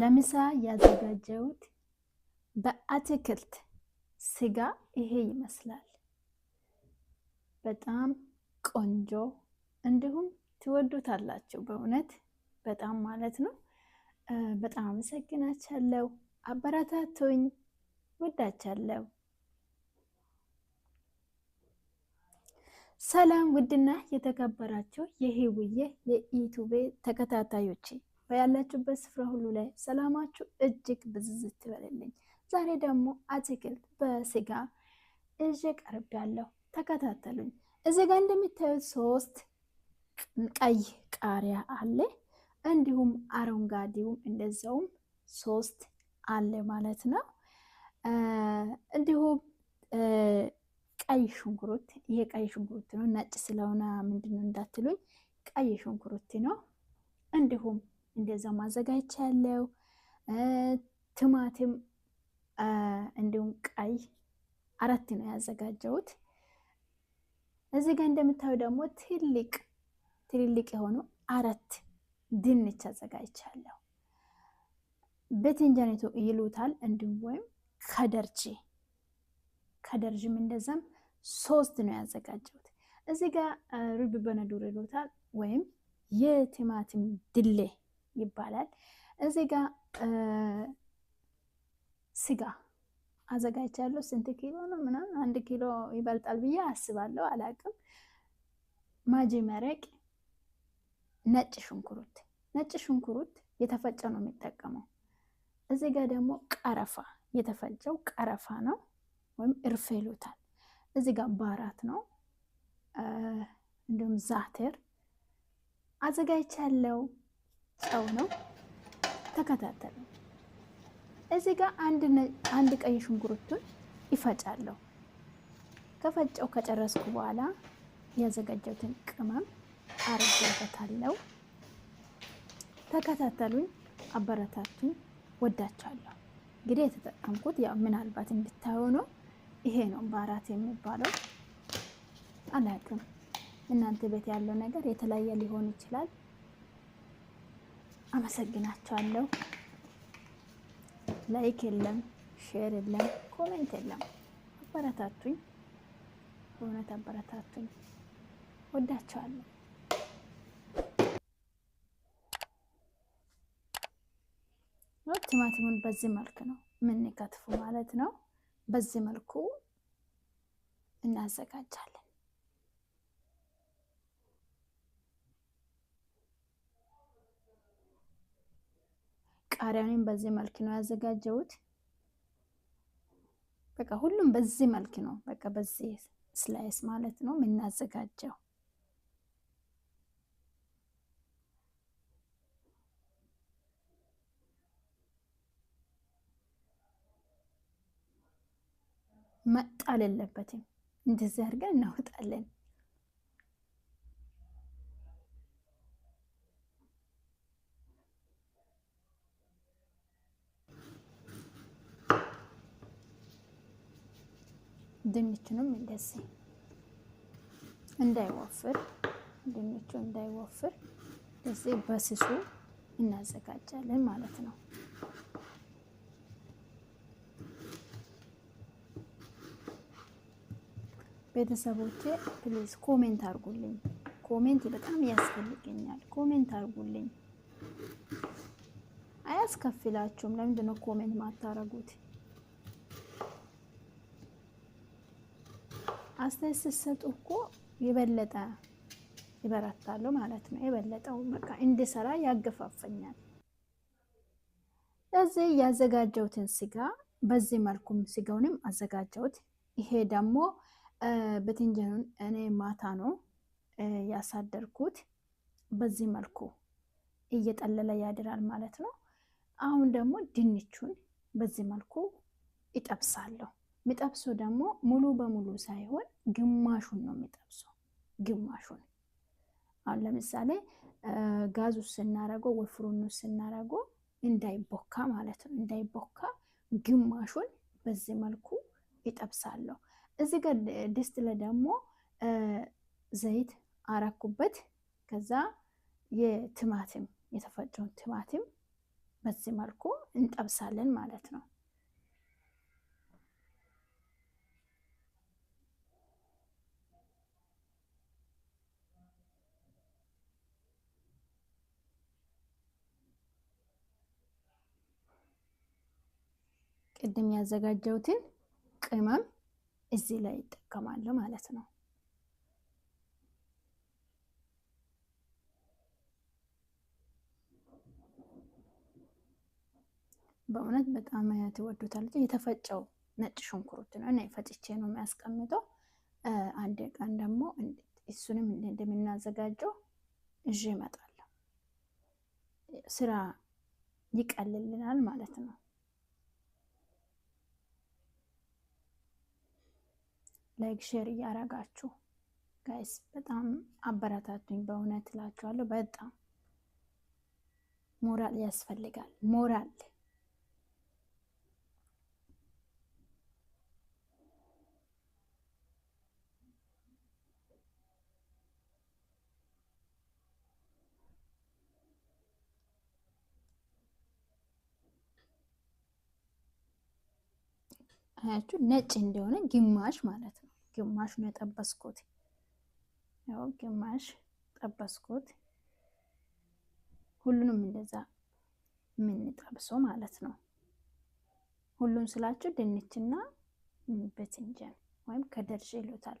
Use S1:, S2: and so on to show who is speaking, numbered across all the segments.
S1: ለምሳ ያዘጋጀሁት በአትክልት ስጋ ይሄ ይመስላል። በጣም ቆንጆ እንዲሁም ትወዱታላችሁ። በእውነት በጣም ማለት ነው። በጣም አመሰግናችኋለሁ። አበረታቱኝ። ወዳችኋለሁ። ሰላም ውድና የተከበራችሁ የህውዬ የኢቱቤ ተከታታዮቼ በያላችሁበት ስፍራ ሁሉ ላይ ሰላማችሁ እጅግ ብዝዝት ይበልልኝ። ዛሬ ደግሞ አትክልት በስጋ እዥ ቀርብ ያለው ተከታተሉኝ። እዚህ ጋር እንደሚታዩት ሶስት ቀይ ቃሪያ አለ፣ እንዲሁም አረንጓዴውም እንደዚያውም ሶስት አለ ማለት ነው። እንዲሁም ቀይ ሽንኩርት ይሄ ቀይ ሽንኩርት ነው፣ ነጭ ስለሆነ ምንድነው እንዳትሉኝ፣ ቀይ ሽንኩርት ነው። እንዲሁም እንደዛ ማዘጋጅቻለሁ። ቲማቲም እንዲሁም ቀይ አራት ነው ያዘጋጀሁት። እዚህ ጋር እንደምታዩ ደግሞ ትልቅ ትልልቅ የሆኑ አራት ድንች አዘጋጅቻለሁ። በትንጃኔቱ ይሉታል እንዲሁም ወይም ከደርጂ ከደርጅም እንደዛም ሶስት ነው ያዘጋጀሁት። እዚህ ጋር ሩብ በነዱር ይሉታል ወይም የቲማቲም ድሌ ይባላል። እዚህ ጋ ስጋ አዘጋጅቻለሁ። ስንት ኪሎ ነው ምናምን፣ አንድ ኪሎ ይበልጣል ብዬ አስባለሁ፣ አላቅም። ማጂ መረቅ፣ ነጭ ሽንኩርት፣ ነጭ ሽንኩርት የተፈጨ ነው የሚጠቀመው። እዚህ ጋ ደግሞ ቀረፋ፣ የተፈጨው ቀረፋ ነው ወይም እርፌ ይሉታል። እዚህ ጋር ባራት ነው እንዲሁም ዛትር አዘጋጅቻለሁ። ጨው ነው። ተከታተሉ። እዚህ ጋር አንድ ቀይ ሽንኩርቱን ይፈጫለሁ። ከፈጨው ከጨረስኩ በኋላ ያዘጋጀሁትን ቅመም አረግበታለሁ። ተከታተሉኝ፣ አበረታቱኝ፣ ወዳቸዋለሁ። እንግዲህ የተጠቀምኩት ያው ምናልባት እንድታዩ ነው። ይሄ ነው በአራት የሚባለው አላቅም። እናንተ ቤት ያለው ነገር የተለያየ ሊሆን ይችላል። አመሰግናቸዋለሁ። ላይክ የለም፣ ሼር የለም፣ ኮሜንት የለም። አበረታቱኝ፣ በእውነት አበረታቱኝ። ወዳቸዋለሁ። ቲማቲሙን በዚህ መልክ ነው የምንከትፉ ማለት ነው። በዚህ መልኩ እናዘጋጃለን። ቃሪያንም በዚህ መልክ ነው ያዘጋጀሁት። በቃ ሁሉም በዚህ መልክ ነው። በቃ በዚህ ስላይስ ማለት ነው የምናዘጋጀው። መጣል የለበትም። እንደዚህ አድርገን እናውጣለን። ድንችንም እንደዚህ እንዳይወፍር ድንቹ እንዳይወፍር እዚህ በስሱ እናዘጋጃለን ማለት ነው። ቤተሰቦቼ ፕሊዝ ኮሜንት አድርጉልኝ። ኮሜንት በጣም ያስፈልገኛል። ኮሜንት አድርጉልኝ። አያስከፍላችሁም። ለምንድነው ኮሜንት ማታረጉት? አስተያየት ስትሰጡ እኮ የበለጠ ይበረታሉ ማለት ነው። የበለጠው በቃ እንድሰራ ያገፋፈኛል። ስለዚህ ያዘጋጀሁትን ስጋ በዚህ መልኩም ስጋውንም አዘጋጀሁት። ይሄ ደግሞ በትንጀኑን እኔ ማታ ነው ያሳደርኩት። በዚህ መልኩ እየጠለለ ያድራል ማለት ነው። አሁን ደግሞ ድንቹን በዚህ መልኩ ይጠብሳለሁ። የሚጠብሰው ደግሞ ሙሉ በሙሉ ሳይሆን ግማሹን ነው የሚጠብሰው። ግማሹን አሁን ለምሳሌ ጋዙ ስናረጎ ወፍሩኑ ስናረጎ እንዳይቦካ ማለት ነው። እንዳይቦካ ግማሹን በዚህ መልኩ ይጠብሳለሁ። እዚህ ጋር ድስት ላይ ደግሞ ዘይት አረኩበት። ከዛ የቲማቲም የተፈጨውን ቲማቲም በዚህ መልኩ እንጠብሳለን ማለት ነው። ቅድም ያዘጋጀሁትን ቅመም እዚህ ላይ ይጠቀማለሁ ማለት ነው። በእውነት በጣም ይወዱታል። የተፈጨው ነጭ ሽንኩርት ነው እና ፈጭቼ ነው የሚያስቀምጠው። አንድ ቀን ደግሞ እሱንም እንደምናዘጋጀው እዥ እመጣለሁ። ስራ ይቀልልናል ማለት ነው። ላይክ ሼር እያረጋችሁ ጋይስ በጣም አበረታቱኝ። በእውነት እላችኋለሁ በጣም ሞራል ያስፈልጋል ሞራል አያችሁ ነጭ እንደሆነ ግማሽ ማለት ነው። ግማሽ ነው የጠበስኩት። ያው ግማሽ ጠበስኩት። ሁሉንም እንደዛ የምንጠብሰው ማለት ነው። ሁሉም ስላችሁ ድንችና በትንጀን ወይም ከደርሽ ይሉታል።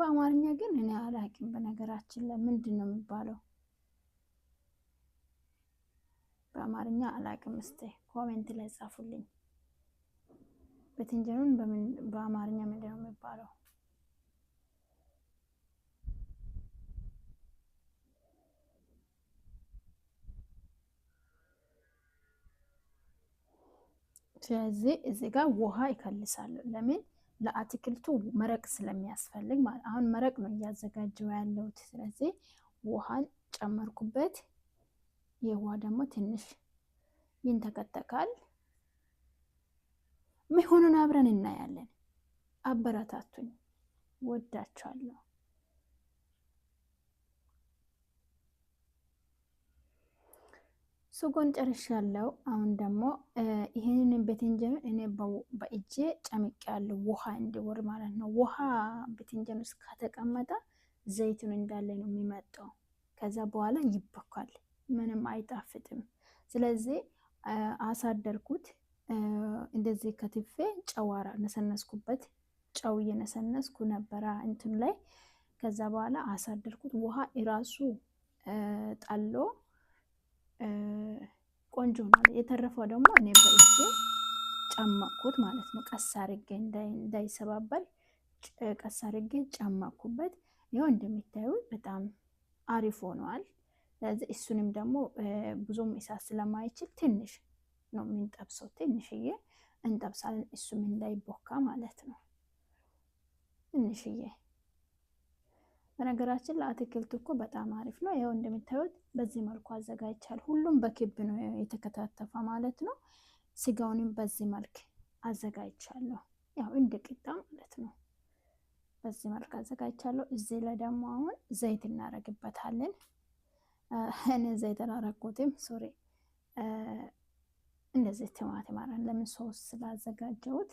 S1: በአማርኛ ግን እኔ አላቂም በነገራችን ላይ ምንድን ነው የሚባለው? በአማርኛ አላቂም እስቲ ኮሜንት ላይ ጻፉልኝ። በትንጀሩን በአማርኛ ምንድን ነው የሚባለው? ስለዚህ እዚህ ጋር ውሃ ይከልሳሉ። ለምን ለአትክልቱ መረቅ ስለሚያስፈልግ ማለት አሁን መረቅ ነው እያዘጋጀው ያለሁት። ስለዚህ ውሃን ጨመርኩበት። ይህ ውሃ ደግሞ ትንሽ ይንተከተካል። መሆኑን አብረን እናያለን። አበረታቱኝ። ወዳችኋለሁ። ሱጎን ጨርሻለሁ። አሁን ደግሞ ይህንን ቤትንጀን እኔ በእጄ ጨምቅ ያለው ውሃ እንዲወር ማለት ነው። ውሃ ቤትንጀን ውስጥ ከተቀመጠ ዘይቱን እንዳለ ነው የሚመጣው። ከዛ በኋላ ይበኳል፣ ምንም አይጣፍጥም። ስለዚህ አሳደርኩት። እንደዚህ ከትፌ ጨዋራ ነሰነስኩበት። ጨው እየነሰነስኩ ነበረ እንትን ላይ ከዛ በኋላ አሳደርኩት። ውሃ እራሱ ጣሎ ቆንጆ ሆኗል። የተረፈው ደግሞ እኔ በእጄ ጨመቅኩት ማለት ነው። ቀስ አርጌ እንዳይሰባበል ቀስ አርጌ ጨመቅኩበት። ይኸው እንደሚታዩት በጣም አሪፍ ሆነዋል። ስለዚህ እሱንም ደግሞ ብዙም እሳት ስለማይችል ትንሽ ነው የምንጠብሰው። ትንሽዬ እንጠብሳለን፣ እሱም እንዳይቦካ ማለት ነው። ትንሽዬ በነገራችን ለአትክልት እኮ በጣም አሪፍ ነው። ይኸው እንደምታዩት በዚህ መልኩ አዘጋጅቻል። ሁሉም በክብ ነው የተከታተፈ ማለት ነው። ስጋውንም በዚህ መልክ አዘጋጅቻለሁ። ያው እንደ ቂጣ ማለት ነው። በዚህ መልክ አዘጋጅቻለሁ። እዚህ ላይ ደግሞ አሁን ዘይት እናደርግበታለን። እኔ ዘይት አላረኩትም ሶሪ እንደዚህ ቲማቲም አረን ለምን ሶስ ስላዘጋጀሁት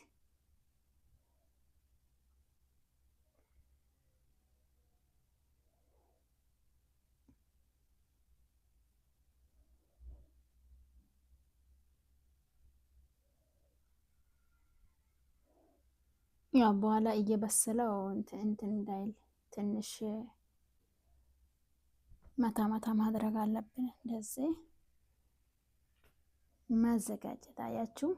S1: በኋላ እየበሰለው እንትን እንዳይል ትንሽ መታ መታ ማድረግ አለብን እንደዚህ ማዘጋጀት አያችሁ።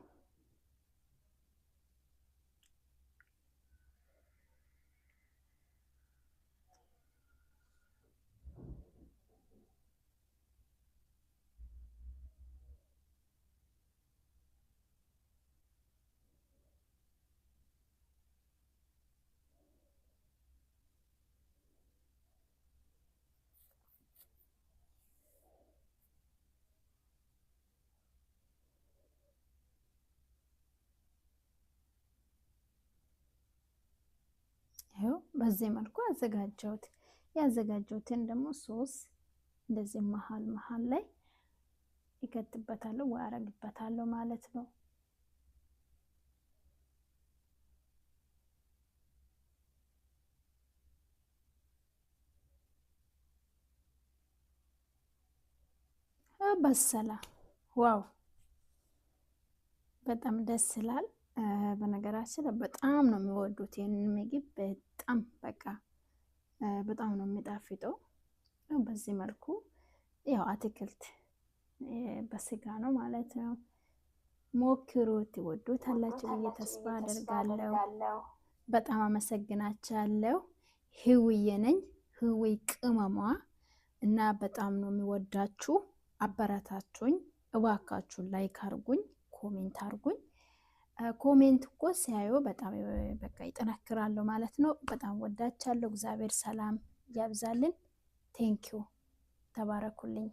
S1: በዚህ መልኩ አዘጋጀሁት። ያዘጋጀሁትን ደግሞ ሶስ እንደዚህ መሀል መሀል ላይ ይከትበታለሁ ወይ አረግበታለሁ ማለት ነው። በሰላ ዋው! በጣም ደስ ይላል። በነገራችን በጣም ነው የሚወዱት ይህንን ምግብ በጣም በቃ በጣም ነው የሚጣፍጠው። በዚህ መልኩ ያው አትክልት በስጋ ነው ማለት ነው። ሞክሩት፣ ይወዱታላችሁ ብዬ ተስፋ አደርጋለሁ። በጣም አመሰግናችኋለሁ። ህውዬ ነኝ፣ ህውይ ቅመሟ እና በጣም ነው የሚወዳችሁ። አበረታችሁኝ፣ እባካችሁን ላይክ አርጉኝ፣ ኮሜንት አርጉኝ። ኮሜንት እኮ ሲያዩ በጣም በቃ ይጠነክራሉ ማለት ነው። በጣም ወዳቻለሁ። እግዚአብሔር ሰላም ያብዛልን። ቴንኪዩ ተባረኩልኝ።